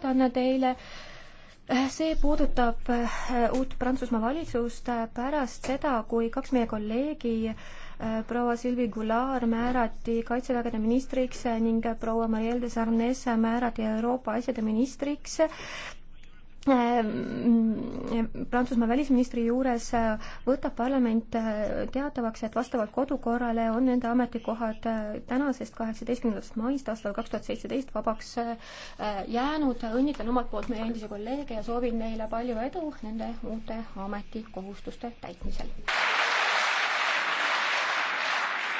teada anda teile. see puudutab äh, uut Prantsusmaa valitsust äh, pärast seda, kui kaks meie kolleegi äh, proua Silvi Goulart määrati kaitsevägede ministriks ning proua Marielle de Sarnes määrati Euroopa asjade ministriks Äh, mm, Prantsusmaa välisministri juures äh, võtab parlament äh, teatavaks, et vastavalt kodukorrale on nende ametikohad tänasest, kaheksateistkümnendast maist aastal kaks tuhat seitseteist vabaks jäänud. õnnitlen omalt poolt meie endisi kolleege ja soovin neile palju edu nende uute ametikohustuste täitmisel.